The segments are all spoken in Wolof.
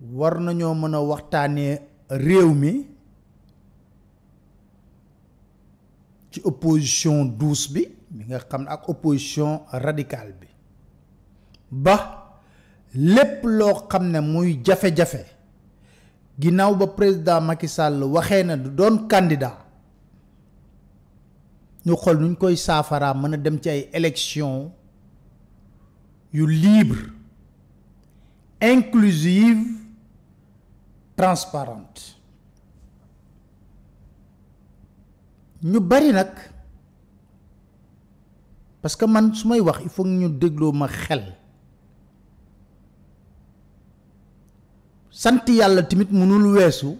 war nañoo mën a waxtaanee réew mi ci opposition douce bi mi nga xam ak opposition radicale bi ba lépp loo xam ne muy jafe-jafe ginnaaw ba président Macky Sall waxee na du doon candidat ñu xol nuñ koy saafaraa mën a dem ci ay élection yu libre inclusive transparente ñu bari nag parce que man su may wax il faut ñu dégloo ma xel sant yàlla tamit mënul weesu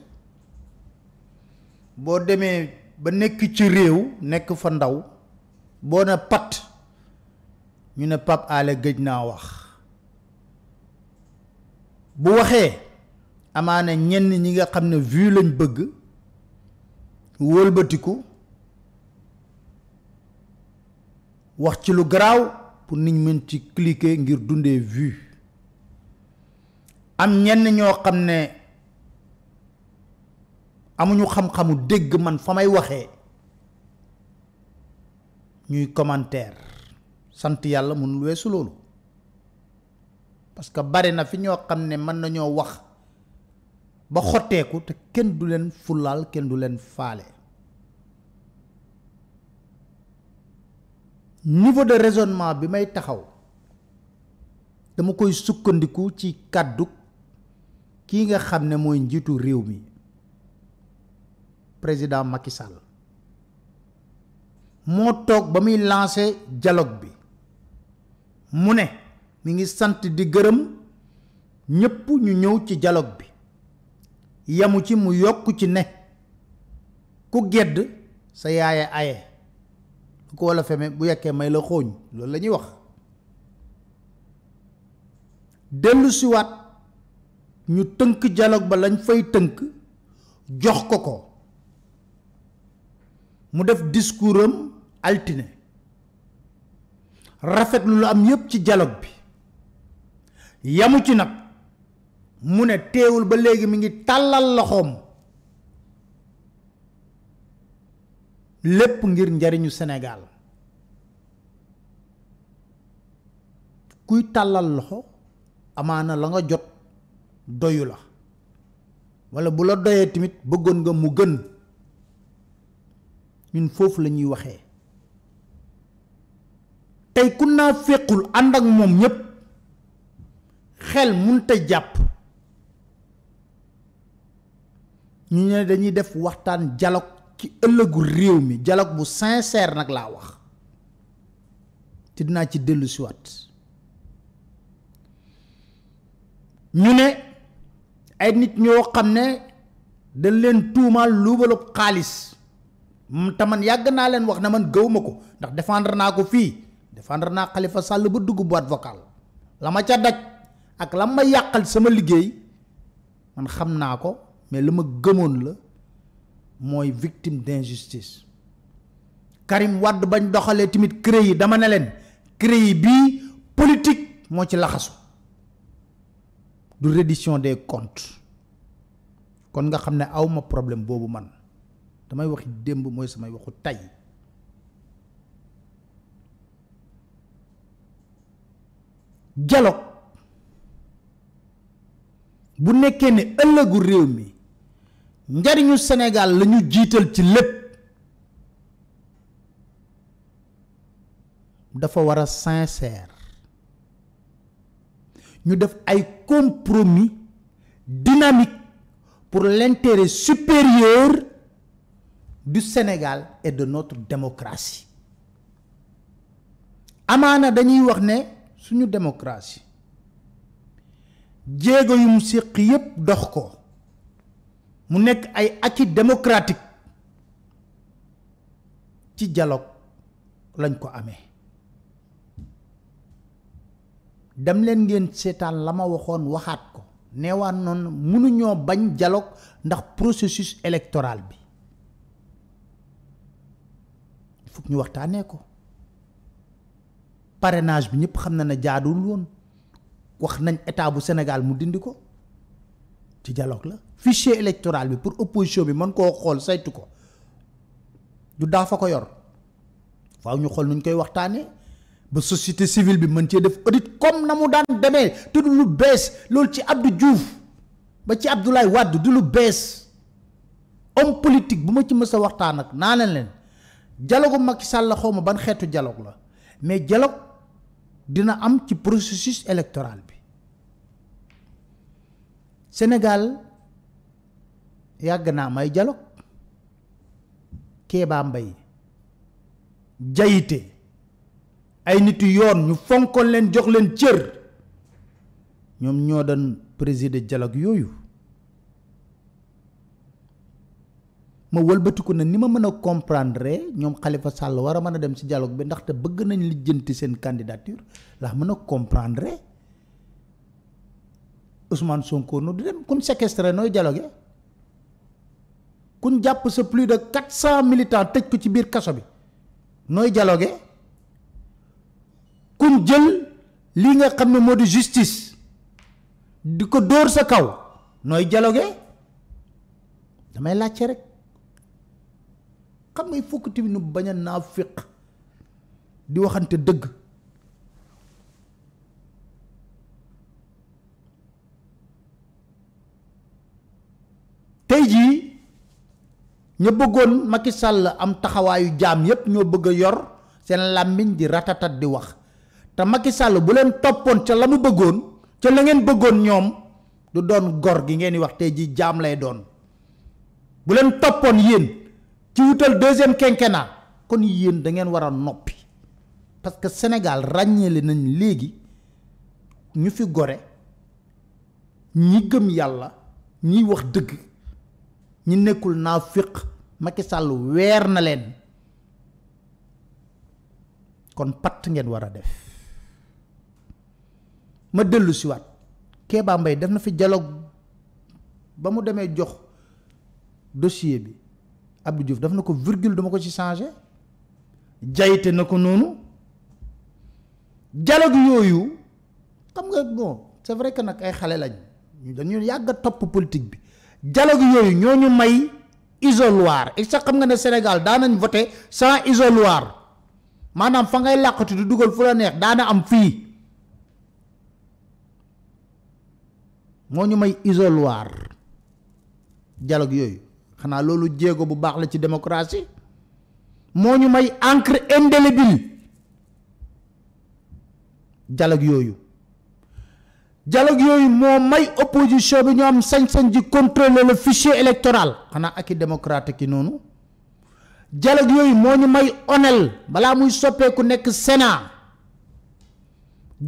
boo demee ba nekk ci réew nekk fa ndaw boo ne patt ñu ne Pape Alé gëj naa wax bu waxee amaana ñenn ñi nga xam ne vue lañ bëgg wëlbatiku wax ci lu garaaw pour niñ mën ci cliquer ngir dundee vue am ñenn ñoo xam ne amuñu xam-xamu dégg man fa may waxee ñuy commentaire sant yàlla mënul weesu loolu parce que bari na fi ñoo xam ne mën nañoo wax ba xotteeku te kenn du leen fulaal kenn du leen faale niveau de raisonnement bi may taxaw dama koy sukkandiku ci kaddu kii nga xam ne mooy njiitu réew mi président Macky Sall moo toog ba muy lancé dialogue bi mu ne mi ngi sant di gërëm ñëpp ñu ñëw ci dialogue bi yamu ci mu yokku ci ne ku gedd sa yaaya aye ko wala feme bu yekke may la xogn lolou lañuy wax delu ci wat ñu teunk dialog ba lañ fay teunk jox ko ko mu def discours altiné rafet lu am yépp ci dialogue bi yamu ci nak mu ne teewul ba léegi mi ngi tàllal loxoom lépp ngir njariñu senegaal kuy tàllal loxo amaana la nga jot doyu la walla bu la doyee tamit bëggoon nga mu gën ñun foofu la ñuy waxee tey kun naa féqul ànd ak moom ñépp xel mun te jàpp ñu ne dañuy def waxtaan dialogue ci ëllëgu réew mi dialogue bu sincère nag laa wax te dinaa ci dellu si waat ñu ne ay nit ñoo xam ne dañ leen tuumaal luubalub xaalis te man yàgg naa leen wax na man gëwuma ko ndax défendre naa ko fii défendre naa xalifa sàll ba dugg la ca daj ak la ma yàqal sama liggéey man xam ko mais le ma gëmoon la moi victime d'injustice Karim wad bañ doxale timit créé dama ne len créé bi politique mo ci laxasu du reddition des comptes kon nga xam awma problème bobu man damay waxi demb moy samay waxu tay dialogue bu nekkee ne ëllëgu réew mi njariñu Sénégal lañu ñu jiital ci lépp dafa war a sincère ñu def ay compromis dynamique pour l'intérêt supérieur du Sénégal et de notre démocratie amaana dañuy wax ne suñu démocratie jéego yu séq yépp dox ko mu nekk ay acquis démocratique ci dialogue lañ ko amee dem leen ngeen seetaan la ma waxoon waxaat ko neewaan noonu mënuñoo bañ dialogue ndax processus électoral bi fokk ñu waxtaanee ko parenage bi ñëpp xam na ne jaaduwul woon wax nañ état bu Sénégal mu dindi ko ci dialogue la fichier électoral bi pour opposition bi man koo xool saytu ko du daa fa ko yor faaw ñu xool nuñ koy waxtaanee ba société civile bi mën cee def audit comme na mu daan demee te lu bees loolu ci Abdou juuf ba ci Abdoulaye Wade du lu bees homme politique bu ma ci mës a waxtaan ak naa leen leen dialogue Macky Sall xaw ma ban xeetu dialogue la mais dialogue dina am ci processus électoral bi. Sénégal yàgg naa may dialogue keebaa mbay Jayite ay nit yoon ñu fonkoon leen jox leen cër ñoom ñoo doon présider dialogue yooyu ma wëlbatiku na ni ma mën a comprendre ñoom xalifa Sall war a mën a dem ci dialogue bi ndaxte bëgg nañ lijjanti seen candidature ndax mën a comprendre Ousmane Sonko nu di dem kun séquestré noy dialogué eh? kun japp ce plus de 400 militants tej ko ci bir kasso bi noy eh? kun jël li nga xamne modi justice diko door sa kaw noy dialogué eh? damay laccé rek xam nga il faut que baña nafiq di waxante deug tey ji ñu bëggoon Macky Sall am taxawaayu jaam yépp ñoo bëgg a yor seen làmmiñ di ratatat di wax te Macky Sall bu leen toppoon ca la mu bëggoon ca la ngeen bëggoon ñoom du doon gor gi ngeen di wax tey ji jaam lay doon bu leen toppoon yéen ci wutal deuxième quinquennat kon yéen da ngeen war a noppi parce que Sénégal ràññeele nañ léegi ñu fi gore ñi gëm yàlla ñi wax dëgg ñi nekkul naafiq Macky Sall weer na leen kon patt ngeen war a def ma dellu siwaat waat Kéba Mbaye def na fi dialogue ba mu demee jox dossier bi Abdou Diouf daf na ko virgule dama ko ci changé jayte na ko noonu dialogue yooyu xam nga bon c'est vrai que nag ay xale lañ dañu yàgg topp politique bi dialogue yooyu ñoo ñu may isoloir et sax xam nga ne Sénégal daanañ voté sans isoloir maanaam fa ngay làqatu di dugal fu la neex daana am fii moo ñu may isoloir dialogue yooyu xanaa loolu jéego bu baax la ci démocratie moo ñu may encre indélébile dialogue yooyu dialogue yoy mo may opposition bi ñu am sañ-sañ di contrôler le fichier électoral xana ak i démocrate ki noonu dialogue yoy mo ñu may onel bala muy ku nek Sénat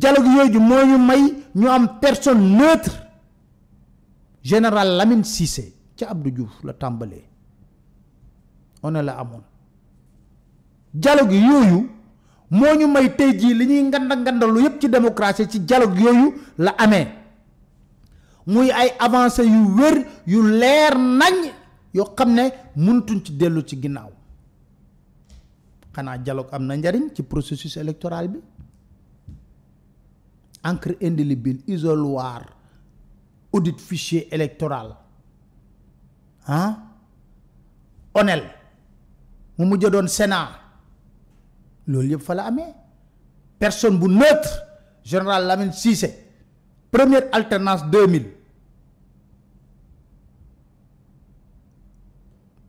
dialogue yooyu mo ñu may ñu am personne neutre général Lamine Cissé ci Abdou Diouf la tambalé onel la amoon dialogue yooyu. moo ñu may tey jii li ñuy nganda ngandalu yépp ci démocratie ci jaloog yooyu la amee muy ay avancé yu wér yu leer nañ yoo xam ne mëntuñ ci dellu ci ginnaaw xanaa jaloog am na njariñ ci processus électoral bi encre indélébile isoloir audit fichier électoral ah onel mu mujj doon Sénat loolu yëpp fa la personne bu neutre général Lamine première alternance 2000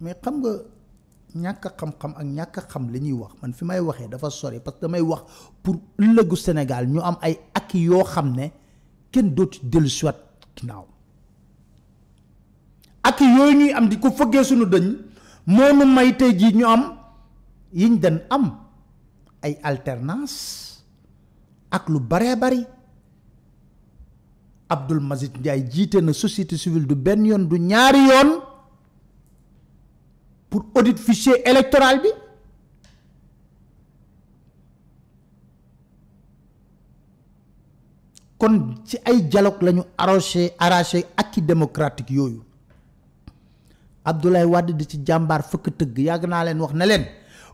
mais xam nga ñàkk xam-xam ak ñàkk xam li ñuy wax man fi may waxee dafa sori parce que damay wax pour le Sénégal ñu am ay acquis yoo xam ne am di ko am ay alternance ak lu bare bari abdul Mazid Ndiaye na société civile du benn yon du ñaari yon pour audit fichier électoral bi kon ci ay dialogue lañu ñu arracher arraché acquis démocratique yoyu, Abdoulaye Wade di ci jambar fëkk teug yàgg wax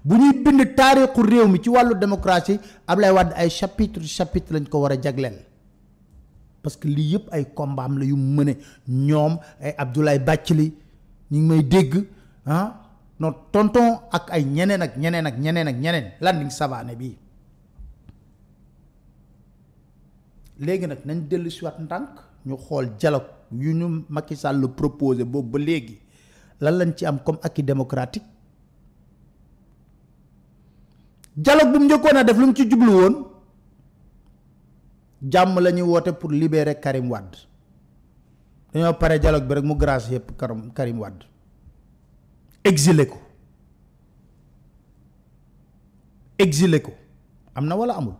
bu ñuy bind taarixu réew mi ci wàllu démocratie Ablaye Wade ay chapitre chapitre lañ ko war a jagleel parce que lii yëpp ay combat la yu mëne ñoom ay Abdoulaye Bathily ñu ngi may dégg ah non tonton ak ay ñeneen ak ñeneen ak ñeneen ak ñeneen Landing Savané bii léegi nag nañ dellu si waat ndànk ñu xool dialogue yu ñu Macky Sall proposé boobu ba léegi lan lañ ci am comme acquis democratique dialogue bu mu njëkkoon a def lu mu ci jublu woon jàmm la ñuy woote pour libérer Karim Wade dañoo pare dialogue bi rek mu grâce yëpp Karim Karim Wade exilé ko exilé ko am na walla amul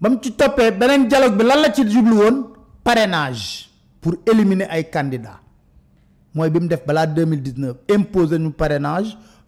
ba mu ci toppee beneen jaloog bi lan la ci jublu woon parrainage pour éliminer ay candidats mooy bi mu def balaa deux mille dix-neuf imposer ñu parrainage.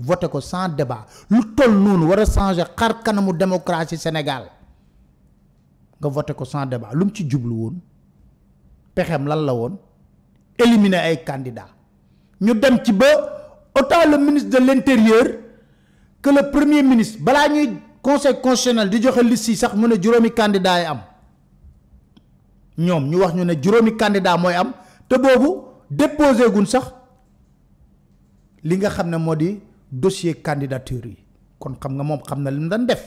voté ko sans débat lu toll noonu wara changer xar kanamu démocratie Sénégal nga voté ko sans débat lu ci djublu won pexem lan la won éliminer ay candidats ñu dem ci ba autant le ministre de l'intérieur que le premier ministre bala ñuy conseil constitutionnel di joxe liste sax mu ne juróomi candidats ay am ñom ñu wax ñu ne juróomi candidat moy am te boobu déposé guñ sax li nga xamne ne dossier candidature yi kon xam nga moom xam na li mu def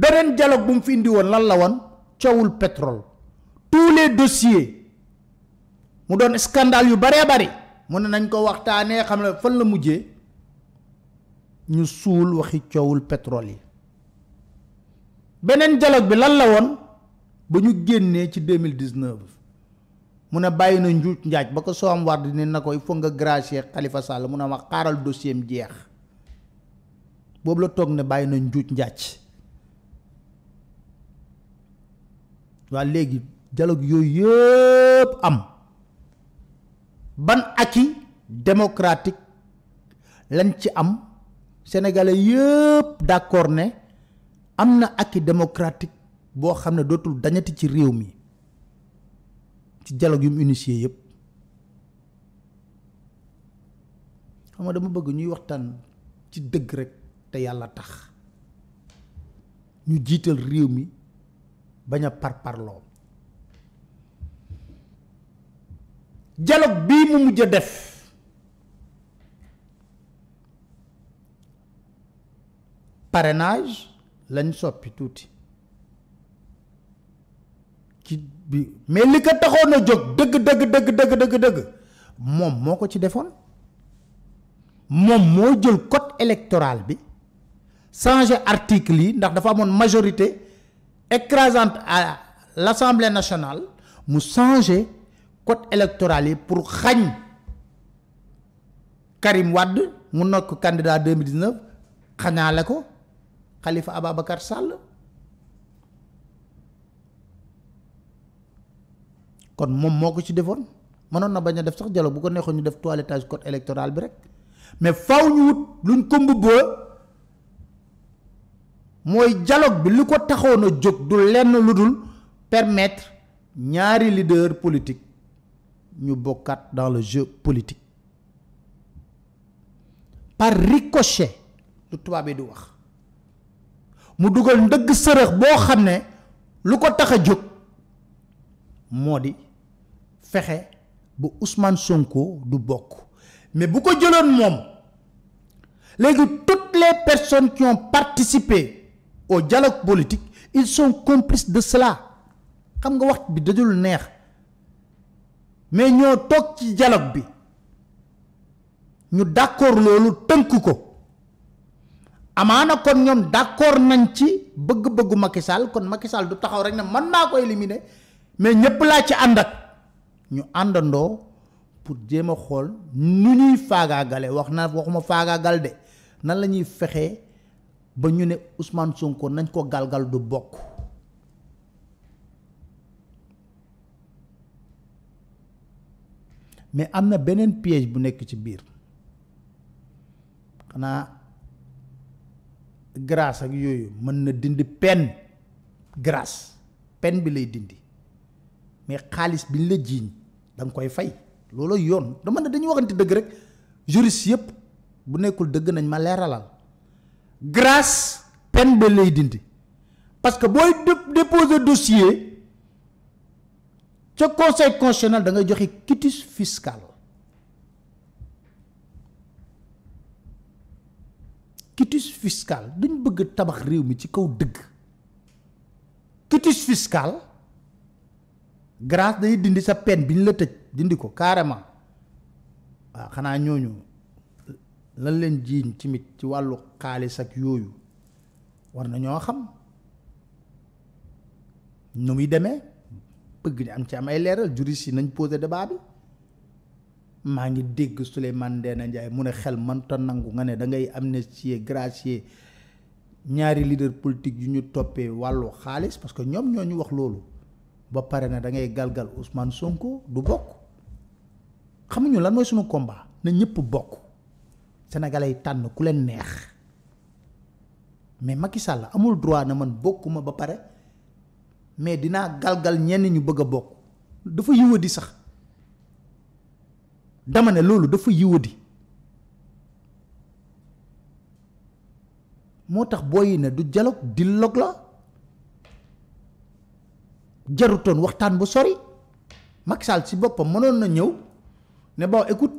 beneen dialogue bu mu fi indi woon lan la woon coowul pétrole tous les dossiers mu doon scandale yu baree bari mu ne nañ ko waxtaanee xam ne fan la mujjee ñu suul waxi coowul pétrole yi beneen dialogue bi lan la woon ba ñu génnee ci deux mille dix-neuf Muna ne bàyyi na njuuj njaaj ba ko soo am war di ne na ko il faut nga gracier xalifa sall mu ne ma xaaral dossier am jeex boobu la toog ne bàyyi na njaaj waa léegi dialogue yooyu yëpp am ban aki démocratique lañ ci am sénégalais yëpp d' accord ne am na aki démocratique boo xam ne dootul dañati ci réew ci dialogue yu initié yépp xam nga dama bëgg ñuy waxtaan ci dëgg rek te yàlla tax ñu jiital réew mi bañ a parparloo dialogue bii mu mujj def parrainage lañ soppi tuuti ci bi mais li ko taxone jog deug deug deug deug deug deug mom moko ci defone mom mo jël code électoral bi changer article yi ndax dafa amone majorité écrasante à l'Assemblée nationale mu changer code électoral yi pour xagn Karim Wade mu nok candidat 2019 xañaale ko Khalifa Ababakar Sall kon moom moo ko ci defoon mënoon na bañ a def sax dialogue bu ko neexoon ñu def toilettage code électoral bi rek mais faw ñu wut luñ ko mbubboo mooy dialogue bi lu ko taxoon a jóg du lenn lu dul permettre ñaari leader politique ñu bokkaat dans le jeu politique par ricochet lu tubaab yi di wax mu dugal ndëgg sërëx boo xam ne lu ko tax a jóg moo di fexé bu Ousmane Sonko du bokk mais bu ko jëloon mom légui toutes les personnes qui ont participé au dialogue politique ils sont complices de cela xam nga wax bi dajul neex mais ñoo tok ci dialogue bi ñu d'accord loolu tënk ko amana kon ñom d'accord nañ ci bëgg-bëggu Macky Sall kon Macky Sall du taxaw rek ne man naa ko éliminer mais ñepp la ci andak ñu àndandoo pour jéem a xool nu ñuy faagaagale wax na waxuma faagaagal de nan la ñuy fexee ba ñu ne Ousmane Sonko nañ ko galgal du bokk mais am na beneen piège bu nekk ci biir xanaa grâce ak yooyu mën na dindi pen grâce peine bi lay dindi mais xaalis bi ñu la jiiñ dang koy fay lolo yoon dama ne dañu waxanti deug rek juriste yep bu nekul deug nañ ma leralal grâce peine de lay dindi parce que boy déposer dossier ci conseil constitutionnel da nga joxe quitus fiscal quitus fiscal duñ bëgg tabax réew mi ci kaw deug quitus fiscal grace day dindi sa peine bi ñu la tëj dindi ko carrément waaw xanaa ñooñu lan leen jiiñ timit ci wàllu xaalis ak yooyu war na ñoo xam nu muy deme bëgg ni am ci am ay leeral juriste yi nañ posé débat bi maa ngi dégg Souleymane Ndéné Ndiaye mu ne xel mënta nangu nga ne da ngay amnistier gracier ñaari leader politique yu ñu toppee wàllu xaalis parce que ñoom ñoo ñu wax loolu ba paré né da ngay galgal Ousmane Sonko du bokk xamuñu lan moy suñu combat né ñepp bok sénégalais tan ku len neex mais Macky Sall amul droit na man bokuma ba paré mais dina galgal ñen ñu bëgg bok bokk dafa yiwadi sax dama ne loolu dafa yiwadi motax boy du dialogue la jarutoon waxtaan bu sori Macky si boppam mënoon na ñëw ne bon écoute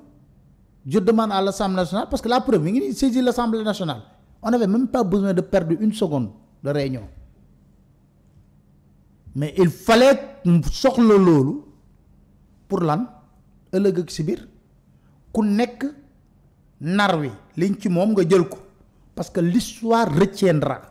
je demande à l'Assemblée nationale parce que la preuve mi ngi nii saisir l'Assemblée nationale on n'avait même pas besoin de perdre une seconde de réunion mais il fallait soxla loolu pour lan ëllëg ak si biir ku nekk nar wi liñ ci moom nga jël ko parce que l'histoire retiendra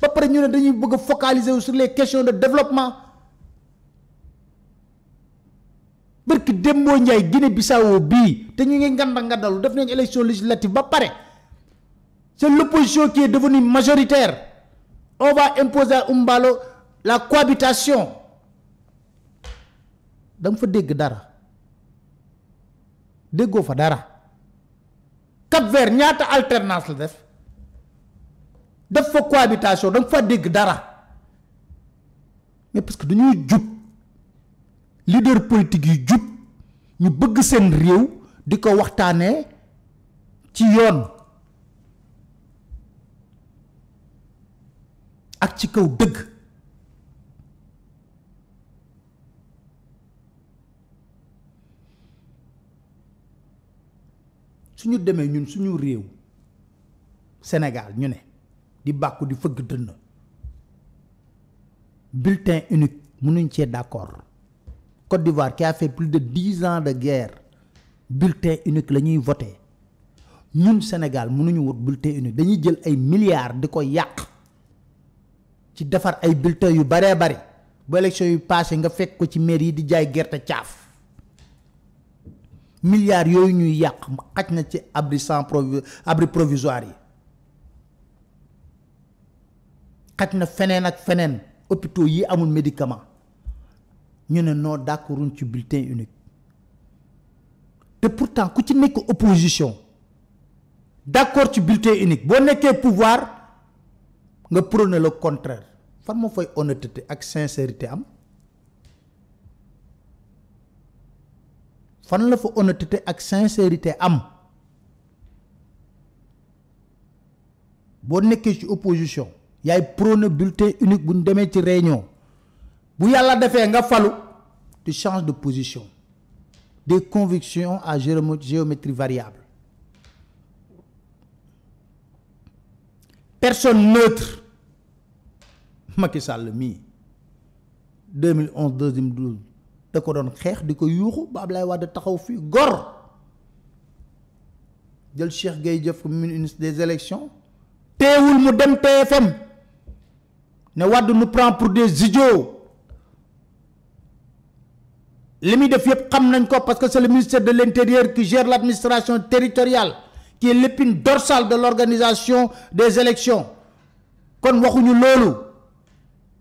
ba pare ñu ne dañuy bëgg a focaliser wu sur les questions de développement barki Dembo Ndiaye Guinée Bissau bii te ñu ngi nganda ngandalu def nañu élection législative ba pare c'est l'opposition qui est devenue majoritaire on va imposer à Umbalo la cohabitation da fa dégg dara déggoo fa dara Cap-Vert ñaata alternance la def def fa cohabitation da fa dégg dara mais parce que dañuy jub leader politique yi jub ñu bëgg seen réew di ko waxtaanee ci yoon ak ci kaw dëgg suñu demee ñun suñu réew Sénégal ñu di bakku di feug Le bulletin unique nous sommes d'accord Côte d'Ivoire qui a fait plus de 10 ans de guerre bulletin unique la voté au Sénégal wut bulletin unique dañuy jël ay milliards di ko ci défar ay bulletins yu baré. bari bu élection yu passé nga fekk ko ci maire di milliards ñuy ci abri sans abri provisoire xaj fenen ak fenen hôpitaux yi amul médicament ñu ne d'accord d'accorduñ ci bulletin unique te pourtant ku ci nekk opposition d'accord ci bulletin unique bo nekkee pouvoir nga prôné le contraire fan mo fay honnêteté ak sincérité am fan la fa honnêteté ak sincérité am bo nekkee ci opposition yaay prône bulletin unique pour démé ci réunion bu yalla défé nga tu changes de position des convictions à géométrie variable personne neutre Macky 2011 2012 da ko taxaw gor ministre des élections téwul mu TFM ne Wade nous prend pour des idiots limi def yëpp xam ko parce que c'est le ministère de l'intérieur qui gère l'administration territoriale qui est l'épine dorsale de l'organisation des élections kon waxuñu lolu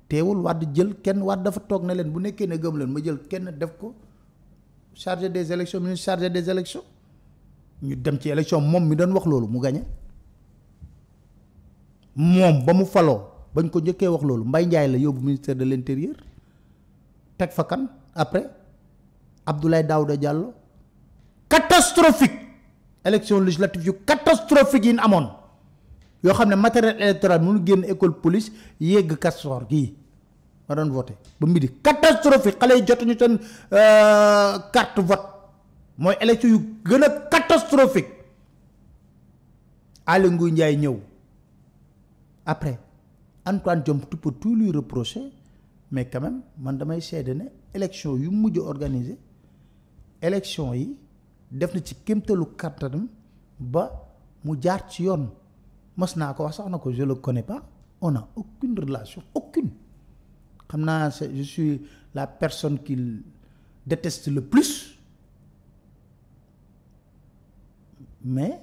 téwul Wade jël kenn wad dafa tok na bu nekké ne gëm len ma jël kenn def ko chargé des élections ministre chargé des élections ñu dem ci élection mom mi doon wax lolu mu gañe mom ba mu falo bañ ko ñëkké wax loolu mbay njaay la yóbbu ministère de l'intérieur tek fa kan après abdoulaye daouda diallo catastrophique élection législative yu catastrophique yi amoon yoo xam ne matériel électoral mënu génn école police yegg kastoor gii ma doon voté ba midi catastrophique xale yi jotuñu seen euh, carte vote mooy élection yu gën a catastrophique Aly Ngouille Ndiaye ñëw après Antoine peut tu peux tout lui reprocher mais quand même man damay seede ne élection yu mujj organiser élection yi def na ci kemtelu kattanam ba mu jaar ci yoon mos naa ko wax sax na ko je le connais pas on a aucune relation aucune xam je suis la personne qu'il déteste le plus mais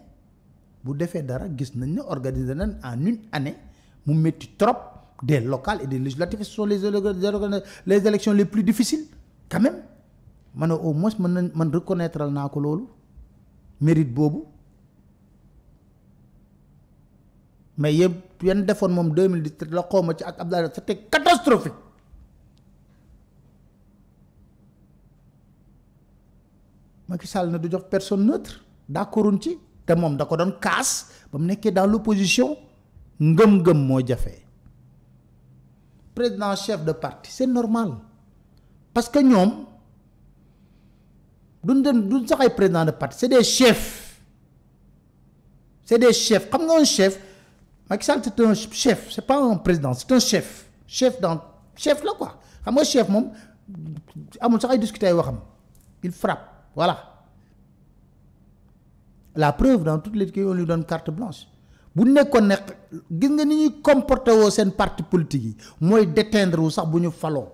bu defee dara gis nañ ne organiser nañ en une année mu metti trop des locales et des législatives ce sont les les élections les plus difficiles quand même ma au moins mën man reconnaître ko mérite bobu mais yëpp yan defoon moom 2017 la xoma ci ak c'était catastrophique Macky Sall na du jox personne neutre d'accorduñ ci te mom da ko doon kaas casse, dans l'opposition ngëm-ngëm moo jafe président chef de parti c'est normal parce que nous, duñ ne sommes pas président de parti c'est des chefs c'est des chefs xam nga un chef Macky Sall c'est un chef c'est pas un président c'est un chef chef dans chef là quoi xam nga chef moom amul sax ay discuter waxam il frappe voilà la preuve dans toutes les qui on lui donne carte blanche bu nekkoon ne gis nga ni ñuy comporté woo seen parti politique yi mooy déteindre wu sax bu ñu faloo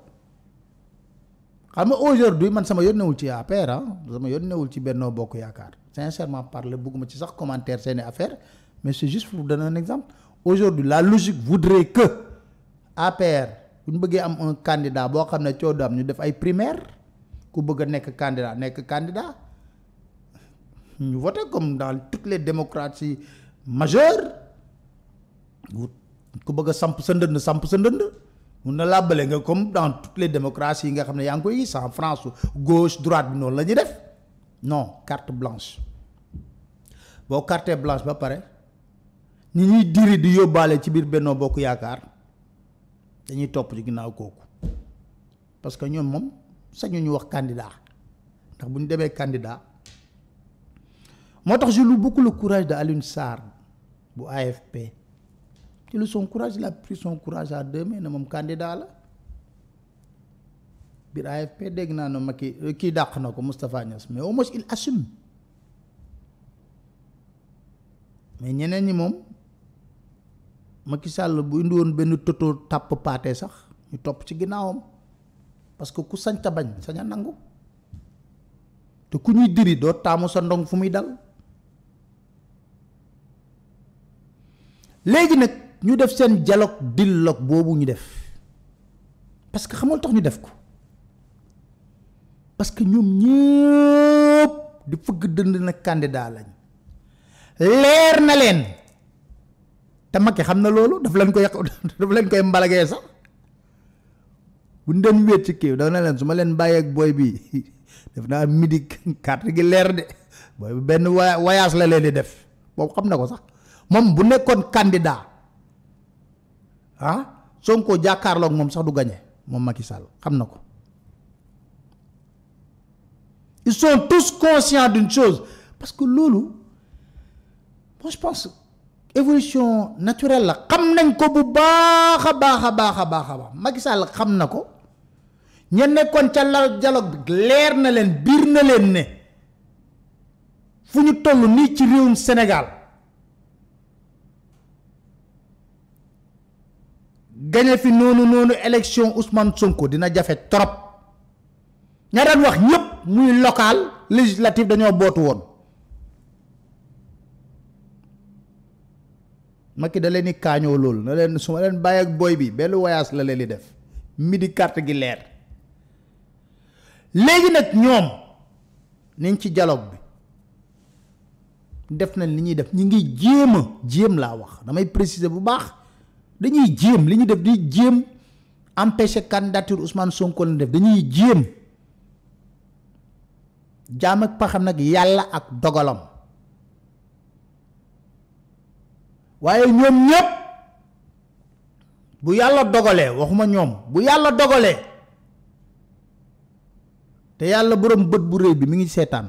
xam nga aujourd'hui man sama yónnewul ci APR ah sama yónnewul ci Benno Bokk Yaakaar sincèrement parler bëgguma ci sax commentaire une affaire mais c'est juste pour vous donner un exemple aujourd'hui la logique voudrait que APR bu ñu bëggee am un candidat boo xam ne coow am ñu def ay primaire ku bëgg nekk candidat nekk candidat ñu voter comme dans toutes les démocraties majeur ku bëgg samp sa 100% de sa ndënd mun na nga comme dans toutes les démocraties nga en France gauche droite bi non carte blanche La carte blanche ba pare ñi de diri di ci bir Benno Bokk yaakar dañuy top ci ginnaw koku parce que ñom mom sañu ñu wax candidat ndax buñu de candidat motax je beaucoup le courage de une bu AFP ci lu son courage la pris son courage à deux mains candidat la bir AFP dégg naa ne ma kii euh, kii dàq Mustapha Niass mais au moins il assume mais ñeneen ñi mom Macky Sall bu indi woon benn toto tap paté sax ñu top ci ginnaawam parce que ku sañ ta bañ saña a nangu te ku ñuy diri do taamu sa ndong fu muy dal. léegi nag ñu def seen dialogue dilok boobu ñu def parce que xamul tax ñu def ko parce que ñoom ñëpp di fëgg dënd na candidat lañ leer na leen te Macky xam na loolu daf leen koy daf leen koy mbalagee sax bu ndem wéet ci kiw da na leen su ma leen ak booy bi def naa midi carte gi leer de booy bi benn voyage la leen di def boobu xam na ko sax mom bu nekkon candidat ah sonko jakarlo mom sax du gagner mom Macky Sall xam ko ils sont tous conscients d'une chose parce que lolu moi je pense évolution naturelle la xam ko bu baax a baax a ba Macky Sall xam ko ña nekkoon ca dialogue bi leer na len bir na len ne fuñu tollu ni ci réewum Sénégal gagné fi noonu noonu élection Ousmane Sonko dina jafé trop ña dañ wax ñëpp muy local législatif dañu botu won maki da leni kaño lol na len suma len bay ak boy bi belu voyage la def midi carte gi leer léegi nak ñom niñ ci dialogue bi def nañ li def ñi ngi jema a la wax damay préciser bu baax dañuy jéem li ñu def di jéem empêcher candidature Ousmane Sonko la def dañuy jéem jaam ak paxam nag yàlla ak dogalam waaye ñoom ñëpp bu yàlla dogalee waxuma ñoom bu yàlla dogalee te yàlla borom bët bu rëy bi mu ngi seetaan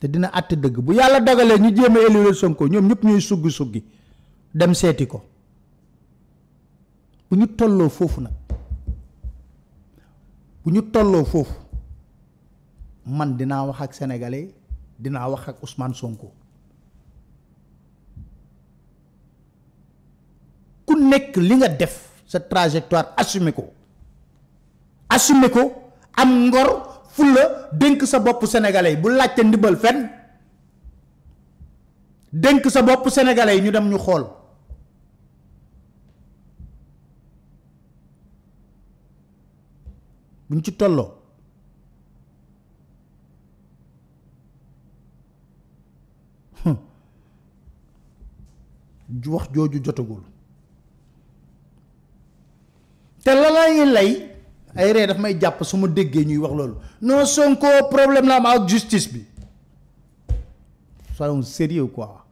te dina àtte dëgg bu yàlla dogalee ñu jéem a Sonko ñoom ñëpp ñuy suggi suggi dem seeti ko. bu ñu tolloo foofu nag bu ñu tolloo foofu man dinaa wax ak sénégalais dinaa wax ak usmaan Sonko ku nekk li nga def sa trajectoire assumer ko assumer ko am ngor fulla dënk sa bopp sénégalais bu laajte ndibal fenn dënk sa bopp sénégalais yi ñu dem ñu xool buñ ci tolloo wax jooju jotagul te la lay lay ay ree daf may jàpp su ma déggee ñuy wax loolu non Sonko problème la am ak justice bi soyons sérieux quoi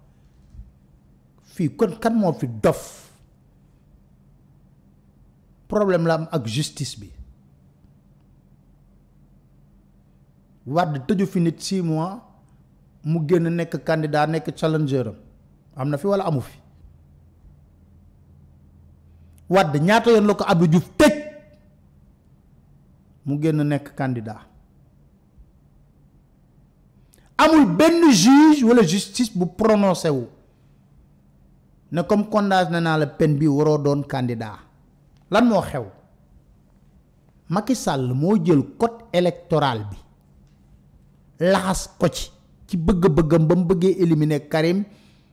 fii kon kan moo fi dof problème la am ak justice bi wadd tëju fi nit six mois mu génn nekk kandidaa nekk challenger am am na fi wala amu fi wadd ñaata yoon la ko Abdou tëj mu génn nekk candidat amul benn juge wala justice bu prononcé ne comme condamné naa la pen bi waroo doon candidat lan moo xew Macky sàll moo jël code électoral bi laxas ko ci ci bëgg-bëggam ba mu bëggee éliminer Karim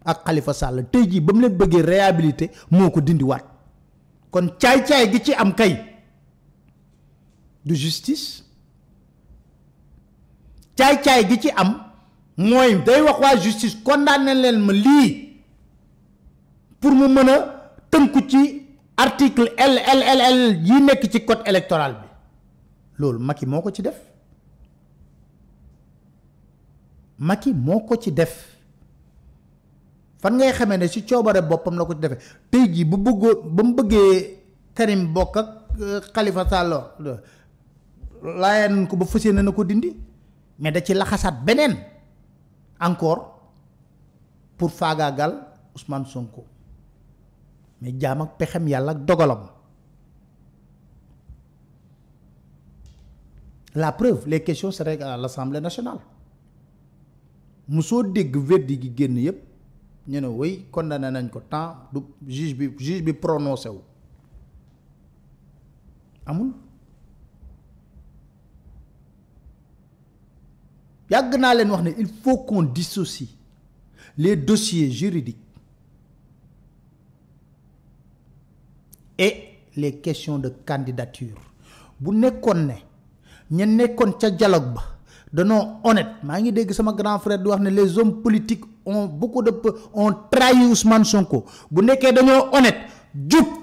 ak Khalifa Sall tey jii ba mu leen bëggee réabilité moo ko dindiwaat kon caay-caay gi ci am kay du justice caay-caay gi ci am mooy day wax waa justice condamné leen ma lii pour mu mën a tënku ci article LLLL yi nekk ci code électoral bi loolu Macky moo ko ci def Maki moko ci def fan ngay xamé né si ciobare bopam la ko ci def tay jii bu bëggo ba mu Karim bokk ak euh, Khalifa Sall laayan ko bu fassé na ko dindi mais da ci laxasaat benen encore pour gal Ousmane Sonko mais jam ak pexem yalla ak dogalam la preuve les questions seraient à l'Assemblée nationale musoo dégg weddi gi génn yëpp ñu ne way condamné nañ ko temps du juge bi juge bi prononcé wu amul yàgg naa leen wax ne il faut qu'on dissocie les dossiers juridiques et les questions de candidature bu nekkoon ne ña nekkoon ca dialogue ba non honnête maa ngi dégg sama grand frère di wax ne les hommes politiques ont beaucoup de ont trahi Ousmane Sonko bu nekkee dañoo honnête djup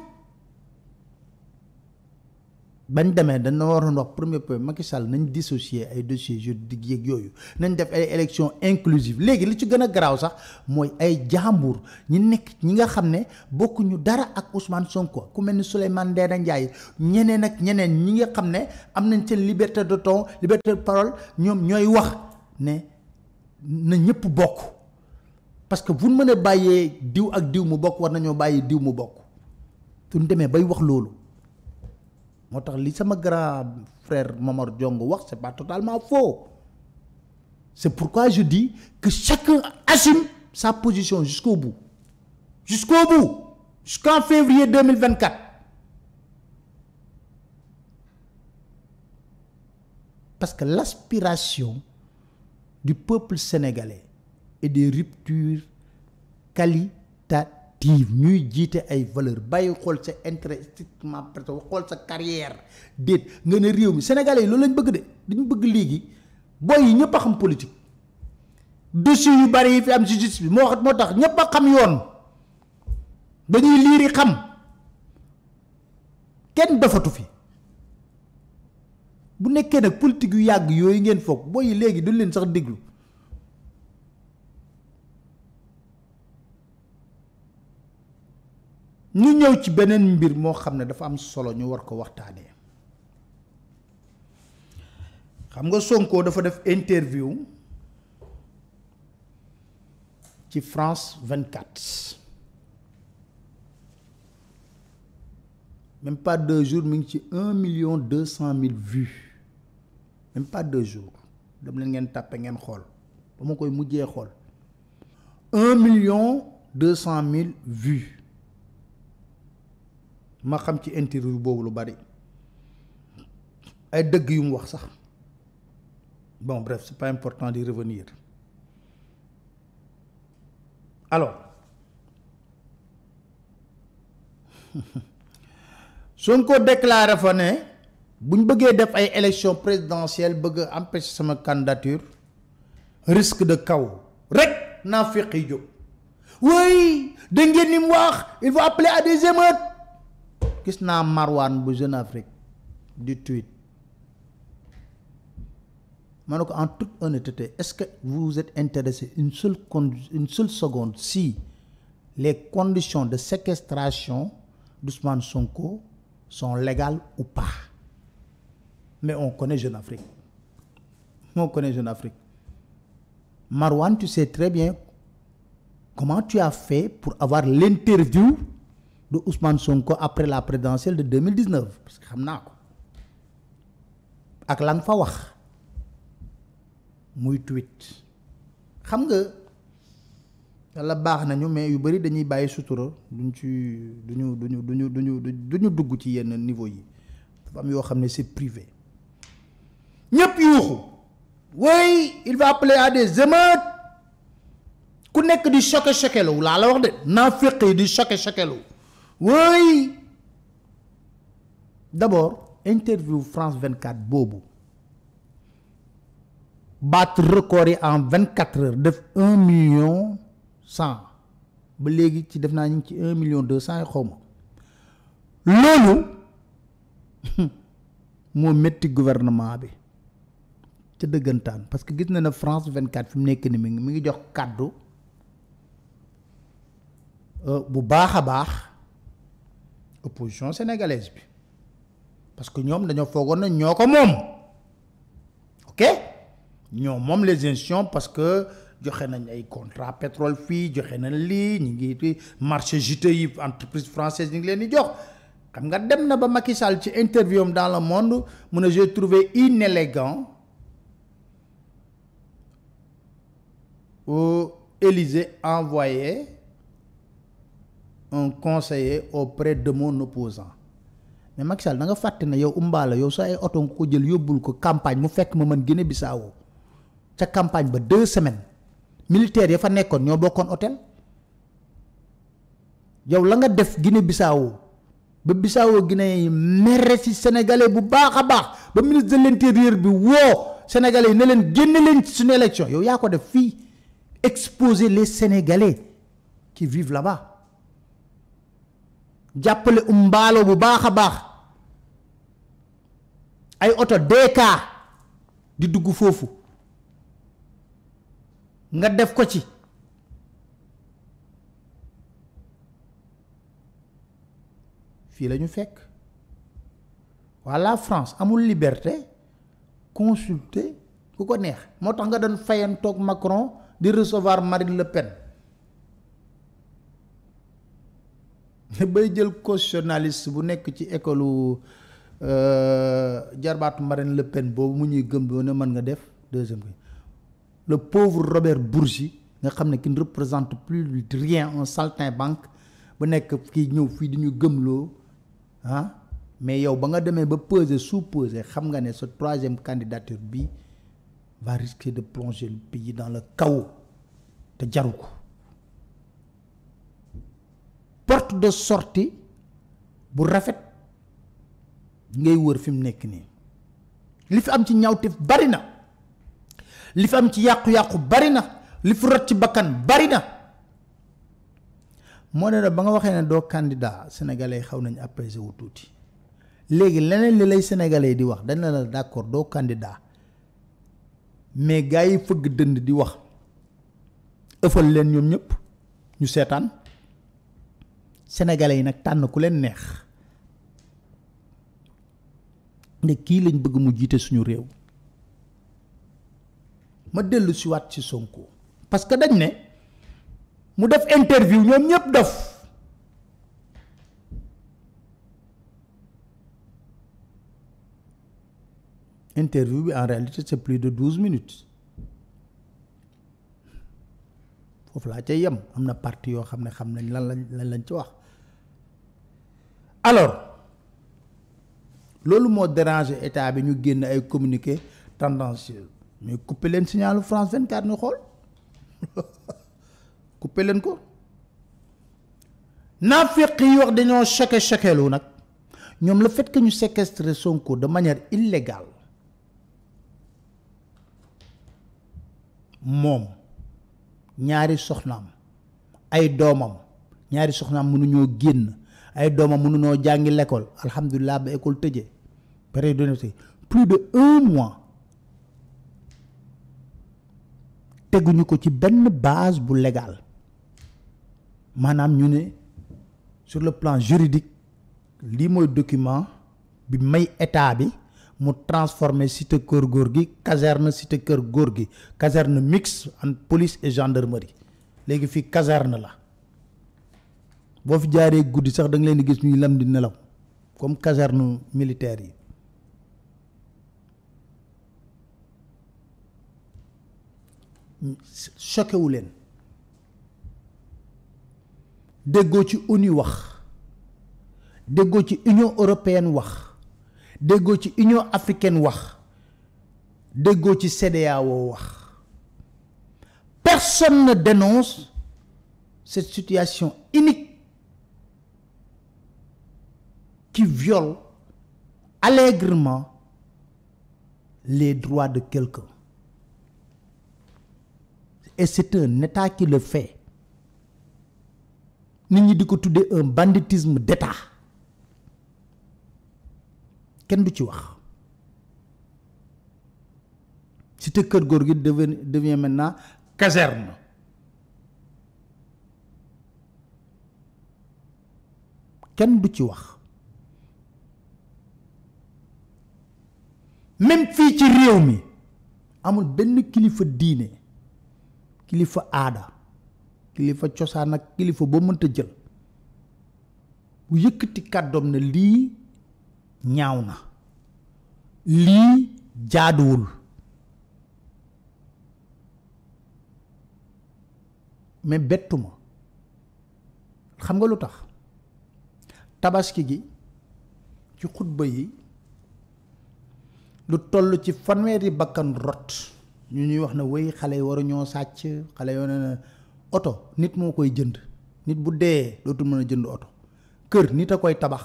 bañ dañ na waroon wax premier point Macky Sall nañ dissocier ay dossiers juridiques yeeg yooyu nañ def ay élections inclusive légui li ci gëna graw sax moy ay jambour ñi nek ñi nga xamné bokku ñu dara ak Ousmane Sonko ku melni Souleymane Ndéné Ndiaye ñeneen ak ñeneen ñi nga xamné am nañ ci liberté de ton liberté de parole ñom ñoy wax né na ñëpp bokk parce que bu ñu mën a diw ak diw mu bokk war nañu bàyyi diw mu bokk suñ démé bay wax lolu frère c'est pas totalement faux c'est pourquoi je dis que chacun assume sa position jusqu'au bout jusqu'au bout jusqu'en février 2024 parce que l'aspiration du peuple sénégalais est de rupture qualitative. active ñuy jiite ay valeur bàyyi xool sa intérêt strictement perso xool sa carrière déet nga ne réew mi sénégalais yi loolu lañ bëgg de dañu bëgg léegi booy yi ñëpp a xam politique si yu bari yi fi am si justice bi moo moo tax ñëpp a xam yoon dañuy liiri xam kenn dafatu fi bu nekkee nag politique yu yàgg yooyu ngeen foog booy yi léegi duñ leen sax déglu Nous sommes ci beneen mbir moo xam dafa am solo ñu war ko waxtaanee xam nga sonko dafa interview ci france 24 même pas deux jours nous avons ci 1 200 000 vues même pas deux jours ngeen ngeen ba 1 200 000 vues ma xam ci interview boobu lu bari ay dëgg yu mu wax sax bon bref c'est pas important d'y revenir alors Sonko déclaré fa ne buñ ñu bëggee def ay élection présidentielle bëgg empêcher sama candidature risque de chaos rek naa féq yi jóg oui da ngeen ni mu wax il faut appeler à des émeutes gis Marwan bu Jeune Afrique du tweet en toute honnêteté est-ce que vous êtes intéressé une seule une seule seconde si les conditions de séquestration d'Ousmane Sonko sont légales ou pas mais on connaît Jeune Afrique on connaît Jeune Afrique Marwan tu sais très bien comment tu as fait pour avoir l'interview de Ousmane Sonko après la présidentielle de 2019 parce que xam ko ak la fa wax muy tweet xam nga yàlla bax nañu mais yu bari dañuy baye sutura duñ ci duñu duñu duñu duñu duñu dugg ci yenn niveau yi dafa am yoo xam ne c'est privé ñëpp yuuxu way il va appeler à des émeutes ku nekk di choqué choqué lu laa la wax de naa féq yi di choqué choqué oui d'abord interview France 24 Bobo. battre record en 24 heures de 1 million 100 ba ci def 1 million 200 yi xaw mo metti le gouvernement bi ci deugantane parce que gis na France 24 fi nek ni mi ngi suis ngi euh, bu baakha opposition sénégalaise parce que ñom dañu fogon na ñoo ko ok ñom mom les institutions parce que joxé nañ ay contrat pétrole fi joxé nañ li ñi ngi marché des yi entreprise française ñi ngi leen jox xam nga dem na ba interview dans le monde Je j'ai trouvé inélégant au Élysée envoyé un conseiller auprès de mon opposant mais Macky Sall da nga fàtte ne yow Oumba la yow sa ay oto ko jël yóbbul ko campagne mu fekk ma man Guinée Bissau ca campagne ba deux semaines militaires ya fa nekkoon ñoo bokkoon hôtel yow la nga def Guinée Bissau ba Bissau Guinée yi mere ci sénégalais bu baax a baax ba ministre de l'intérieur bi woo sénégalais yi ne leen génne leen ci suñu élection yow yaa ko def fii exposer les sénégalais qui vivent là-bas jàppale umbalo mbaaloo bu baax a baax ay oto DK di dugg foofu nga def ko ci fii la fekk France amul liberté consulter ku ko neex moo tax nga doon fayantoog Macron di recevoir Marine Le Pen bay jël journaliste bu nekk ci école euh, jarbaatu Marine Le Pen bobu mu ñuy gëm doo ne man nga def deuxième le pauvre Robert Bourgi nga ne ki ne représente plus rien un banque bu nekk kii ñëw fi di ñu lo hein ah, mais yow ba nga démé ba peser sous peser xam nga né troisième candidature bi va risquer de plonger le pays dans le chaos te Djaroukou. porte de sortie bu rafet ngay wër fi mu nekk nii li fi am ci ñawte bari na li fi am ci yàqu-yàqu bari na li fi rot ci bakkan bari na moo ne ba nga waxee ne doo candidat sénégalais xaw nañu apprécié wu tuuti léegi leneen li lay sénégalais di wax dañ la la d'accord doo candidat mais gars yi fëgg dënd di wax ëffal leen ñoom ñëpp ñu seetaan sénégalais yi nag tànn ku leen neex ne kii lañ bëgg mu jiite suñu réew ma dellu waat ci Sonko parce que dañ ne mu def interview ñoom ñëpp dof interview bi en réalité c'est plus de douze minutes foofu laa ca yem am na parti yoo xam ne xam nañ lan lañ lan lañ ci wax alors loolu mo déranger état bi ñu génn ay communiqué tendancieux mais couper leen signal France 24 ñu xol couper leen ko naafeq wax wax chaque choqué lu nak ñom le fait que ñu séquestrer Sonko de manière illégale mom ñaari soxnam ay domam ñaari mënu mënuñoo génn ay doomam mënunoo jàngi l'école alhamdulilah ba école tëjee période de plus de un mois teguñu ko ci benn base bu légal maanaam ñu sur le plan juridique lii mooy document bi may état bi mu transformer cité kër góor gi caserne cité kër góor gi caserne mix en police et gendarmerie léegi fi caserne la boo fi jaaree goudi sax da nga leen gis ñuy lam di nelaw comme caserne militaire yi choqué wu leen déggoo ci ONU wax déggoo ci Union européenne wax déggoo ci Union africaine wax déggoo ci CDAO wax personne ne dénonce cette situation unique qui viole allègrement les droits de quelqu'un. Et c'est un État qui le fait. Nous avons dit un banditisme d'État. Qu'est-ce que tu Cité Kër Gorgui devient, devient maintenant caserne. Qu'est-ce que tu même fii ci réew mi amul benn kilifa diine kilifa aada kilifa cosaan ak kilifa boo mënta jël bu yëkkati kàddoom ne lii ñaaw na lii jaaduwul mais bettuma xam nga lu tax tabaski gi ci xutba yi lu toll ci fanweeri bakkan rot ñu ñuy wax na wéy xale yi waru sàcc xale yoo ne na oto nit moo koy jënd nit bu deewee dootul mën a jënd oto kër nit a koy tabax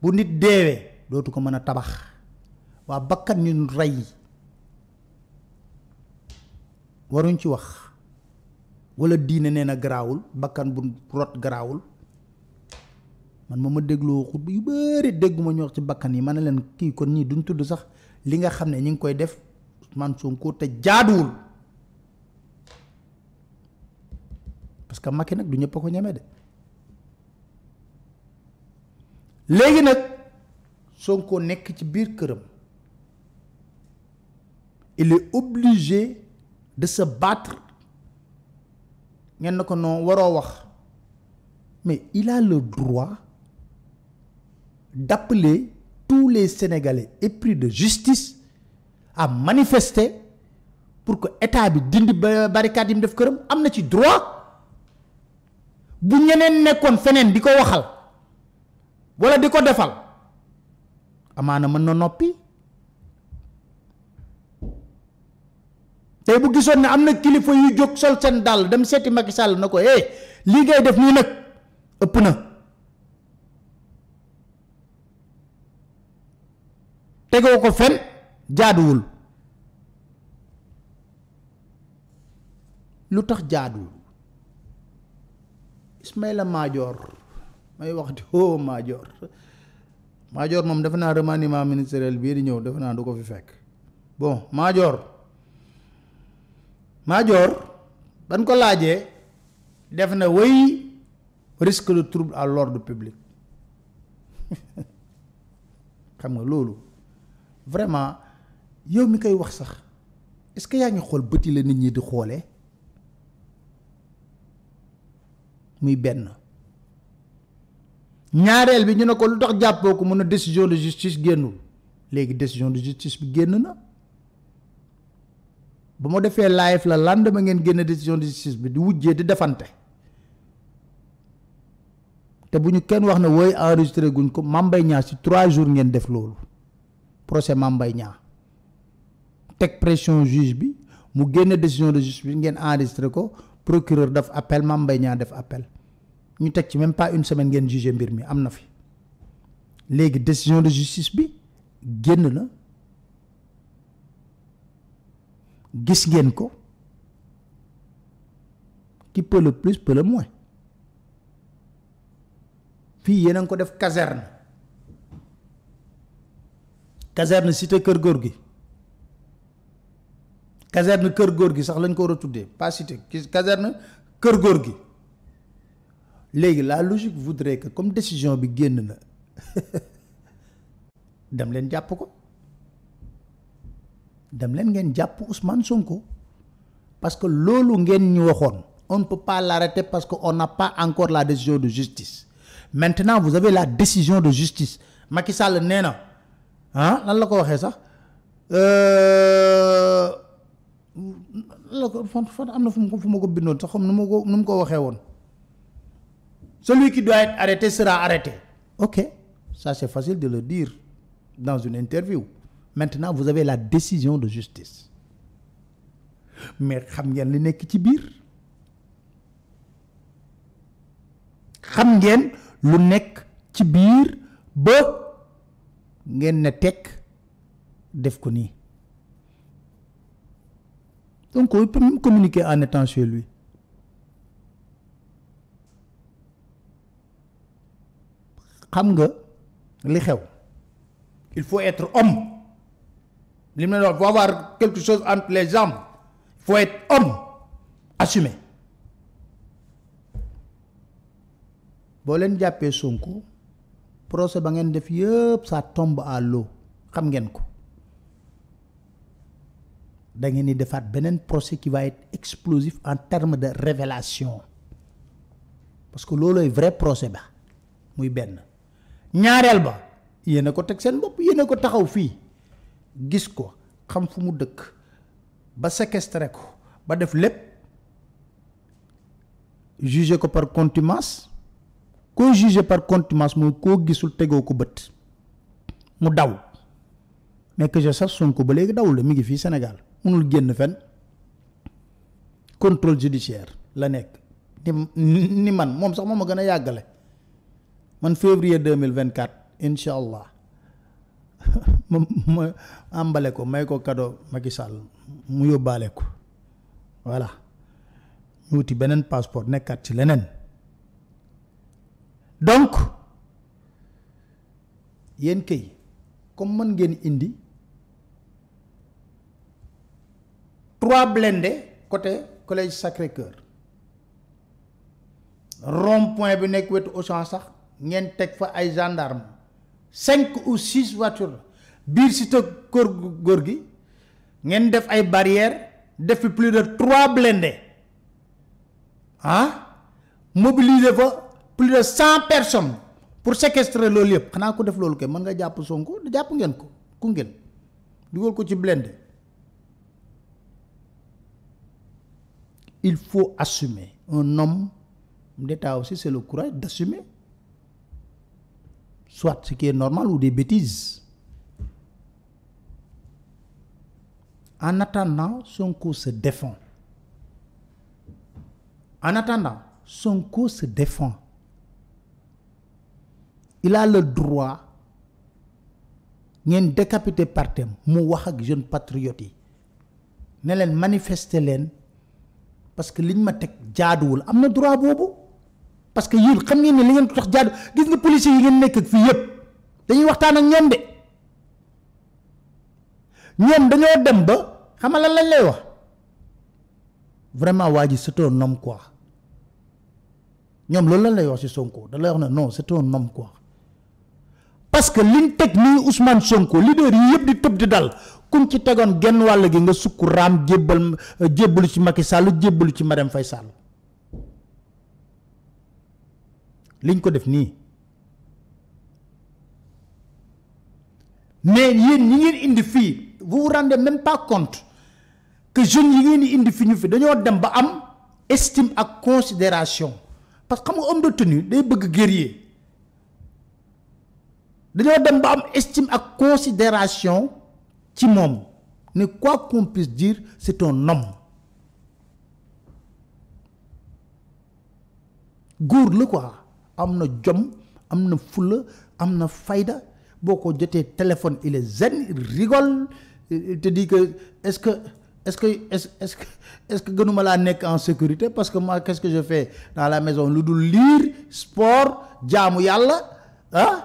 bu nit deewee dootu ko mën a tabax waa bakkan ñu rey waruñ ci wax wala diine nee na garaawul bakkan bu rot garaawul man moom ma dégloo xutba yu bëri dégguma ñu wax ci bakkan yi ma ne leen kon ni duñ tudd sax li nga xamné ñing koy def man Sonko te jaadul parce que makki nak du ñëpp ko ñëmé dé légui nak Sonko nekk ci biir kërëm il est obligé de se battre ngeen na ko non waroo wax mais il a le droit d'appeler tous les Sénégalais épris de justice à manifester pour que état bi dindi barricade yi def këram amna ci droit bu ñeneen nekkoon feneen di ko waxal wala di ko defal amaana mën na noppi tey bu gisoon ne am na kilifa yu jóg sol seen dal dem seeti Macky Sall na ko eh def nii nag ëpp na. tegoo ko fen jaaduwul lu tax jaaduwul ismaila major may wax di ho oh, major major moom defe naa remaniement ministériel bii di ñëw defe naa du ko fi fekk bon major major ban ko laajee def na risque de trouble à l'ordre public xam nga loolu vraiment yow mi koy wax sax est-ce que yaa ngi xool bëti la nit ñi di xoolee muy benn ñaareel bi ñu ne ko lu tax jàppoo ko mun a décision de justice génnul léegi décision de justice bi génn na bu ma defee live la lendemain ngeen génn décision de justice bi di wujjee di defante te bu ñu kenn wax ne wooy enregistré guñ ko Mame Mbaye si trois jours ngeen def loolu procès Mame Mbaye pression juge bi mu décision de justice bi à enregistré ko procureur def appel Mame Mbaye def appel ñu tek ci même pas une semaine ngeen jugé mbir mi amna fi décision de justice bi génn na gis ngeen ko qui peut le plus peut le moins Fi yéen a ko def caserne caserne cité kër caserne kër ça gi sax lañ ko wara pas cité caserne kër la logique voudrait que comme décision bi génn na dam len japp ko dam len ngeen japp Ousmane Sonko parce que lolu ngeen ñu waxone on ne peut pas l'arrêter parce qu'on n'a pas encore la décision de justice maintenant vous avez la décision de justice Macky Sall néna ah lan la ko waxe sax Euh... la ko fan fan am ne fu pas ko bindoon sax comme nu ko nu mu ko celui qui doit être arrêté sera arrêté ok ça c'est facile de le dire dans une interview maintenant vous avez la décision de justice mais xam ngeen li nek ci bir xam ngeen lu nek ci bir ba ngeen ne tekk def ko nii donc il peut communiquer en étant chez lui xam nga li xew il faut être homme Il faut avoir quelque chose entre les jambes il faut être homme assumé boo leen jàppee Sonko procès ba ngeen def yëpp ça tombe à l'eau xam ngeen ko da ngeen di defaat beneen procès qui va explosif en terme de révélation parce que loolooy vrai procès ba muy benn ñaareel ba yéen a ko teg seen bopp yéen ko taxaw fii gis ko xam fu mu dëkk ba séquestré ko ba def lépp jugé ko par contumace koo jugé par contumace mooy koo gisul tegoo ko bët mu daw mais que je sache Sonko ba léegi dawul mi ngi fii Sénégal mënul génn fenn contrôle judiciaire la nekk ni ni man moom sax moom a gën a yàggale man février deux mille vingt quatre incha allah ma àmbale ko may ko cadeau Macky mu yóbbaale ko voilà ñu wuti beneen passeport nekkaat ci leneen. donc yéen kay comme mën ngeen indi trois blindés côté collège Sacré-Cœur rond-point bi nekk wetu Auchan sax ngeen teg fa ay gendarme cinq ou six voitures biir cité kër gor gi ngeen def ay barrières def plus de trois blindés ah mobiliser fa plus de 100 personnes pour séquestrer le lieu... il faut assumer un homme aussi c'est le courage d'assumer soit ce qui est normal ou des bêtises en attendant Son coup se défend en attendant Son cours se défend il a le droit ñen décapiter par partem mu wax ak jeune patriote yi ne leen manifester len parce que liñ ma tek jaadul amna droit bobu parce que yéen xam ngeen ne li ngeen tax jaad gis nga police yi ngeen nek fi yeb dañuy waxtaan ak ñom de ñom dañoo dem ba xamal la lañ lay wax vraiment waji c'est un homme quoi ñom loolu lañ lay wax ci Sonko da lay wax ne non c'est un homme quoi. parce que liñ teg nii Ousmane Sonko leader yi yëpp di tëb di dal kuñ ci tegoon genn wàll gi nga sukk raam jébbal euh, jébbalu ci Macky sàll jébbalu ci Marème Faye Sall liñ ko def nii mais yéen ñi ngeen indi fii vous vous rendez même pas compte que jeunes yi ngeen di indi fi ñu fi dañoo dem ba am estime ak considération parce que xam nga homme de tenue day bëgg guerrier dañoo dem ba am estime ak considération ci moom ne quoi qu'on puisse dire c'est un homme góor quoi am na jom am na fulla fayda boo ko téléphone il est zen rigole il te dit que est-ce que est-ce que est-ce que est-ce que gënuma laa nekk en sécurité parce que moi qu'est-ce que je fais dans la maison lu dul lire sport jaamu yalla ah hein?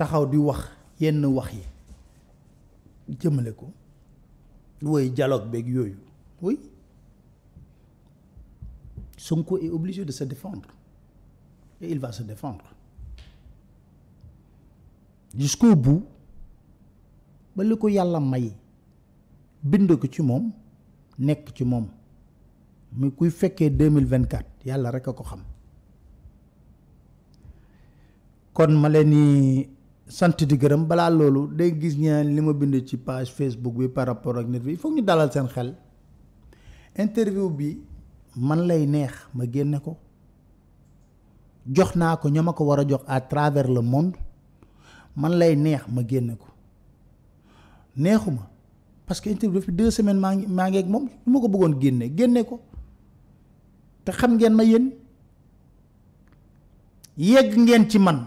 taxaw di wax yenn wax yi jëmale ko woy dialogue beeg yooyu oui Sonko est obligé de se défendre et il va se défendre jusqu'au bout ba li ko yàlla may bind ko ci moom nekk ci moom mi kuy fekkee 2024 mille yàlla rek a ko xam kon ma leen sant di gërëm balaa loolu day gis ñaan li ma bind ci page Facebook bi par rapport ak nit bi il faut ñu dalal seen xel interview bi man lay neex ma génne ko jox naa ko ña ma ko war a jox à travers le monde man lay neex ma génne ko neexuma parce que interview fi deux semaines maa ngi maa ngi ak moom lu ma ko bëggoon génne génne ko te xam ngeen ma yéen yegg ngeen ci man.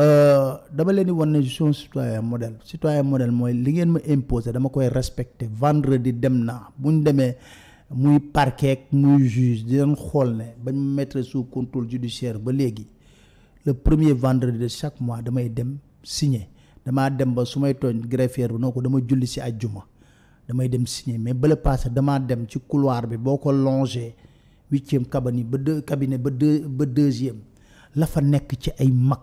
Euh, dama leen di wan ne je suis un citoyen modèle citoyen modèle mooy li ngeen ma imposer dama koy respecter vendredi dem naa bu demee muy parquet muy juge di leen xool ne bañ ma mettre sous contrôle judiciaire ba léegi le premier vendredi de chaque mois damay dem signer dama dem ba su may tooñ greffier bi noo ko dama julli si àjjuma damay dem signer mais le passé dama dem ci couloir bi boo ko longé huitième cabinet ba deux cabinet ba deux ba deuxième la fa nekk ci ay mag.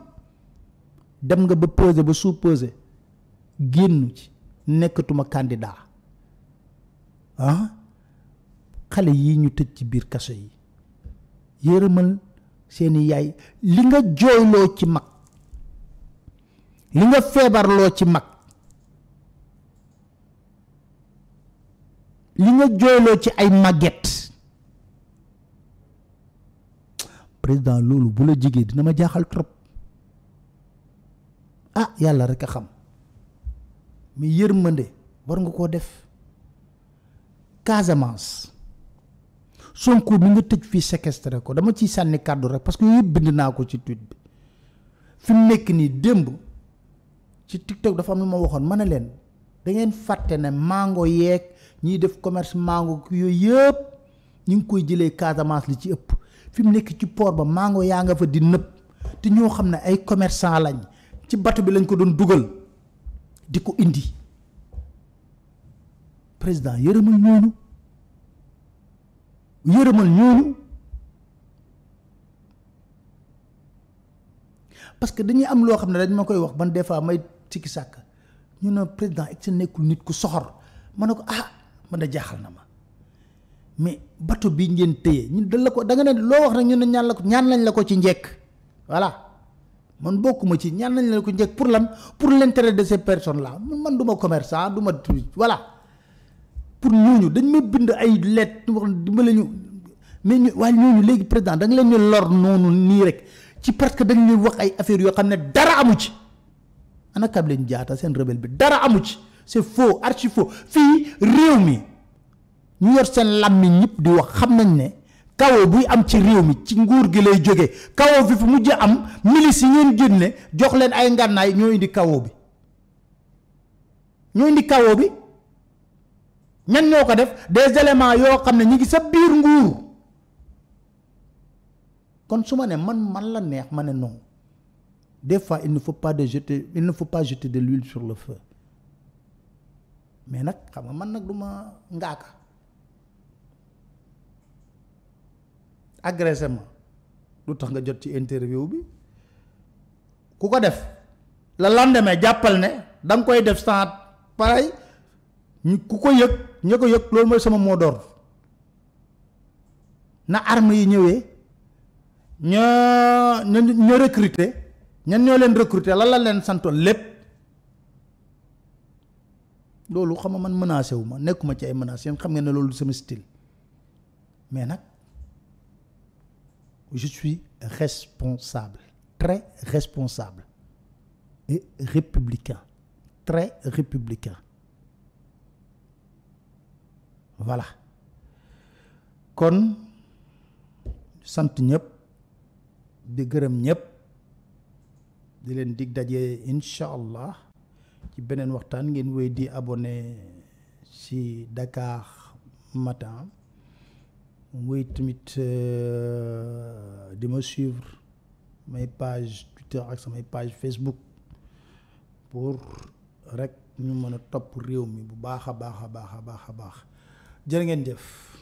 dem nga ba peser ba sous-peser génn ci nekkatuma candidat ah xale yi ñu tëj ci biir kaso yi yërëmal seeni yaay li nga jooyloo ci mag li nga feebarloo ci mag li nga jooyloo ci ay màgget président loolu bu la jigéen dina ma jaaxal trop ah yàlla rek a xam mais yërmande war nga koo def Casamance Sonko mu nga tëj fii séquestré ko dama ciy sànni kàddu rek parce que yëpp bind naa ko ci tweet bi fi mu nekk nii démb ci TikTok dafa am lu ma waxoon ma ne leen da ngeen fàtte ne mango yeeg ñiy def commerce mango yooyu yëpp ñu ngi koy jëlee Casamance li ci ëpp fi mu nekk ci port ba mango yaa nga fa di nëb te ñoo xam ne ay commerçant lañ. ci bato bi lañ ko doon dugal di ko indi président yërëmal ñooñu yërëmal ñooñu parce que dañuy am loo xam ne dañ ma koy wax man des fois may sikki sàkk ñu ne président ak sa nekkul nit ku soxor ma ne ko ah man da jaaxal na ma mais bato bi ngeen téye ñun dal la ko da ne loo wax rek ñu ne ñaan la ko ñaan lañ la ko ci njekk voilà man bokkuma ci ñaan nañ leen ko njëkk pour lan pour l'intérêt de ces personnes la man du ma commerçant du ma voilà pour ñooñu dañ ma bind ay lettre du ma ñu mais ñu waaye ñooñu léegi président da nga leen ñu lor noonu nii rek ci parce que dañ leen wax ay affaire yoo xam ne dara amu ci ana kab leen jaata seen rebelle bi dara amu ci c'est faux archi faux fii réew mi ñu yor seen làmmiñ ñëpp di wax xam nañ ne. kawo buy am ci réew mi ci nguur gi lay jóge kawo bi fi mujj am milice yi ngeen génne jox leen ay ngànnaay ñoo indi kawo bi ñoo indi kawo bi ñan ñoo ko def des éléments yoo xam ne ñu ngi sa biir nguur kon su ma ne man man la neex ma ne non des fois il ne pas de jeter il ne pas jeter de l'huile sur le feu mais nag xam nga man nag du ma ngaaka agressé ma lu tax nga jot ci interview bi ku ko def la lendemain jàppal ne da koy def sans pareil ku ko yëg ña ko yëg loolu mooy sama mot d'ordre na arme yi ñëwee ñoo ñoo recruter ñan ñoo leen recruter la la leen santoon lépp loolu xam nga man menacé wu ma nekkuma ci ay menaces yéen xam ngeen ne loolu sama style mais nag. je suis responsable, très responsable et républicain, très républicain. Voilà. Kon, sante ñep, di gërëm ñep, di leen dig dajé inshallah ci benen waxtaan ngeen wéy di abonné ci Dakar Matin mooy tamit euh, de me suivre mes pages Twitter mes pages Facebook pour rek ñu mëna top topp réew mi bu baax a baax a baax a baax a baax jërë ngeen jëf.